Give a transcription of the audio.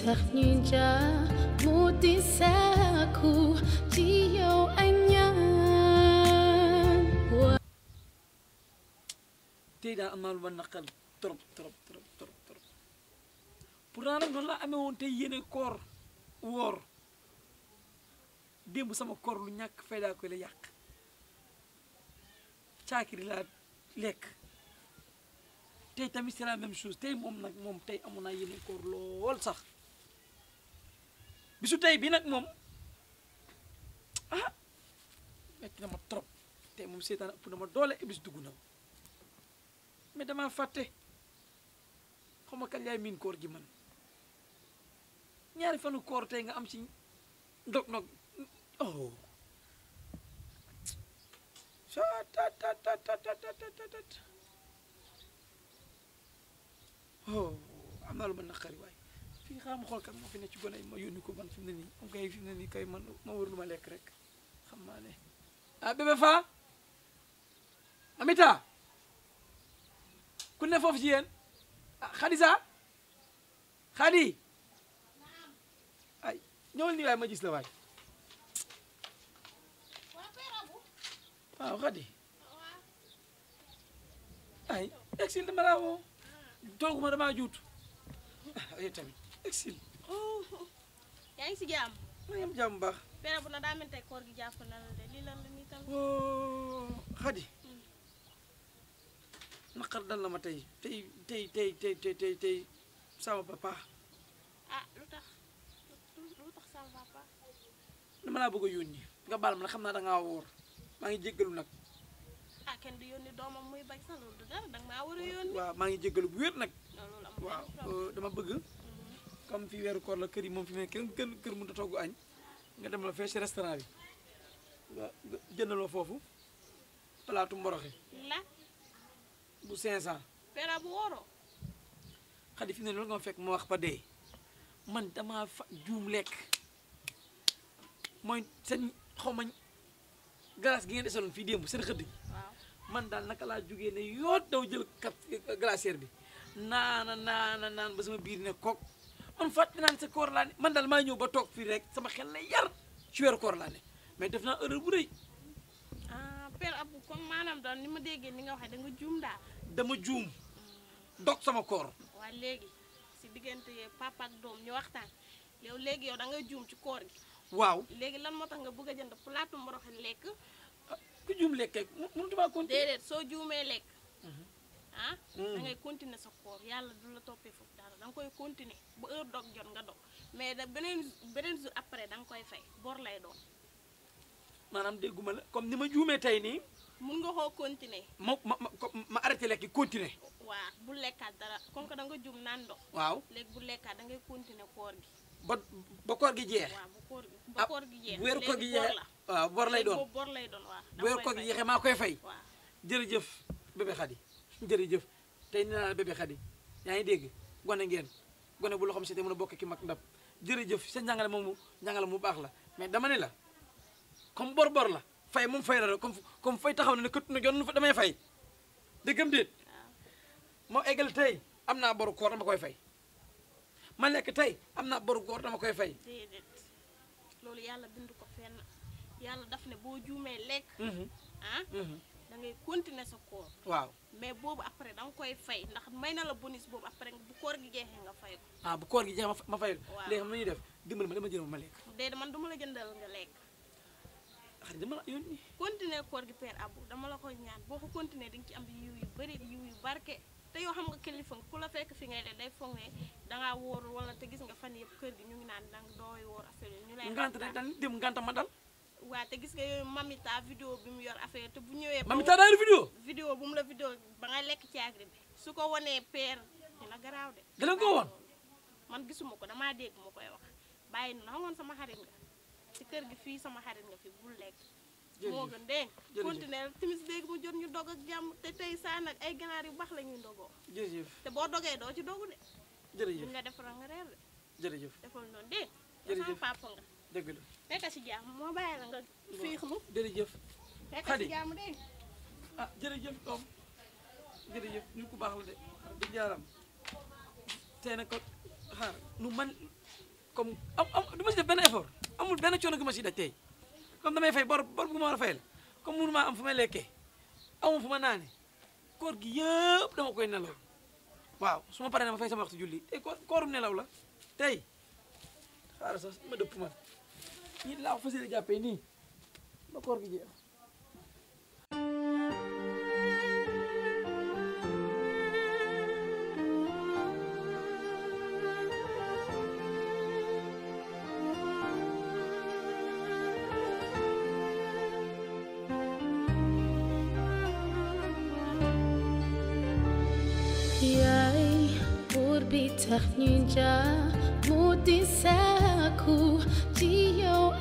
tax ñuy jaar mu di sàkku ci yow ay ñaan tey daal am naa lu ma naqal trop trop trop trop trop pourtant nag noonu laa amee tey yéene koor woor démb sama koor lu ñàkk faydaa koy la yàq caakiri laa lekk tey tamit c'est la même chose tey moom nag moom tey amoon naa koor lool sax bisu tey bi nag moom ah metti na ma trop tey moom seetaan ëpp na ma doole iblis dugg na mais dama fàtte xaw ma kañ laay miin koor gi man ñaari fanu koor tey nga am ci ndog ndog oh oh am naa lu ma naqari waay fii xaaral ma xool kan moo fi ma yónni ko man fi mu ma wër lu ma lekk rek xam naa ne ah fa amita ku ne foofu ci yéen ah ay ñëwal nii waay ma gis la waay waaw xadi ay egsil dama laa woo tooguma damaa juut exil. yaa ngi si jàmm. maa ngi am jàmm baax. gi jàpp na la de lii lan la oh, hmm. ma tey tey tey tey tey tey tey sama papa. ah lu tax lu tax sama papa. dama laa bëgg a yónni nga baal ma nag xam naa da ngaa woor maa ngi jéggalu nag. ah kenn du yónni doomam muy bañ loolu du dara maa waaw maa ngi jéggalu bu wér nag. waaw euh, dama bëgg. comme fi weeru koor la kër yi moom fi mu ne kenn kër mun a togg añ nga dem la fee si restaurant bi nga jëndaloo foofu palaatu mboroxe la bu 500. pera bu wóoroo. xadi fi mu ne loolu nga ma fekk ma wax ba dee man damaa fa juum lekk mooy seen xaw ma glace gi ngeen desaloon fii démb seen xëdd man daal naka laa jógee ne yoot daw jël kat glacière bi naana naana naan ba sama biir ne kook man fàtte naa ne sa koor laa ne man daal maa ñëw ba toog fii rek sama xel la yar ci weeru koor laa ne mais def naa erreur bu rëy. ah père comme maanaam daal ni ma déggee ni nga wax da nga juum daal. dama juum dog sama koor. waa léegi si diggante papa ak doom ñu waxtaan yow léegi yow da nga juum ci koor gi. waaw léegi lan moo tax nga bugg a jënd plaatu mboroxe lekk. Ah, ku juum lekk rek mënut maa continuer. déedéet soo juumee lekk. Mhm. ah mm. da ngay sa koor yàlla du la toppee foofu dara da koy continuer ba heure dog jot nga dog mais da beneen beneen jour après da nga koy fay bor lay doon maanaam dégguma la comme ni ma juumee tey nii mun nga koo continuer ma ma ma arrêté lekk continuer waaw bu lekkaat dara comme que da nga juum naan ndox waaw léegi bu lekkaat da ngay continuer koor gi ba ba koor gi jeex waaw ba koor gi ba ah, koor gi jeex bu weeru koor gi jeex waaw bor lay doon bor lay doon waaw bu weeru koor gi jeexee maa koy fay waaw jërëjëf bébé Khady jërëjëf tey nee naa bébé Khady yaa ngi dégg gone ngeen gone bu loxoom si te mën a bokk ki mag ndab jërëjëf sa njàngale moomu njàngale mu baax la mais dama ne la comme bor bor la fay moom fay la la comme comme taxaw ne këtt na yoon fa damay fay dëggam déet ah. moo eggal tey am naa boru koor dama koy fay ma lekk tey am naa boru koor dama koy fay loolu yàlla bind ko fenn yàlla daf ne boo juumee lekk mhm. ah mhm. dangay continuer sa koor. waaw mais boobu après da nga koy fay ndax may na la bonus boobu après bu koor gi jeexee nga fay ko. ah bu koor gi jeexee ma fay ko. waaw léegi nu ñuy def dimbali ma dama jël ma lekk. déedéet man dama dama la yónni. ñaan boo ko continuer di nga ci am yiw yu bëri yiw yu barke. te yoo xam nga kilifa ku la fekk fi ngay def day foog ne dangaa wóorul wala te gis nga fan yëpp kër gi ñu ngi naan dang dooy wóor affaire yi ngant dañ dem ngant ma dal. waa te gis nga yooyu mamita vidéo bi mu yor affaire te bu ñëwee. mamita daa yor vidéo. vidéo bu mu la vidéo ba ngay lekk caagri bi su ko wanee peer dina garaaw de. dina ko woon man gisuma ko damaa dégg ma koy wax bàyyi na woon sama xarit nga ci kër gi fii sama xarit nga fi bul lekk. moo gën de nga continuer timis léegi mu jot ñu dog ak jàmm te tey saa nag ay ganaar yu bax la ñuy dogoo. jërëjëf te boo dogee doo ci dogu de. jërëjëf nga defaral nga reer de. jërëjëf defal noonu nga. dëgg la nekk si jàmm moo bàyyi nga fiixlu jërëjëf nekk si jàmm dégg ah, baax la de di jaaram tey nag ko ah, xaar nu man comme du ma si benn effort amul benn coono gu ma si daj tey comme damay fay bor bor bu ma war a fay am fu may lekkee amul fu ma naane koor gi yëpp dama koy nelaw waaw su ma paree na ma fay sama waxtu julli tey koorum nelaw la tey xaaral sax ma dëpp man yi laa ko fas yéene jàppee nii ba koor gi jeex yaay buur bi tax ñu jaa mu di sàkku ci yow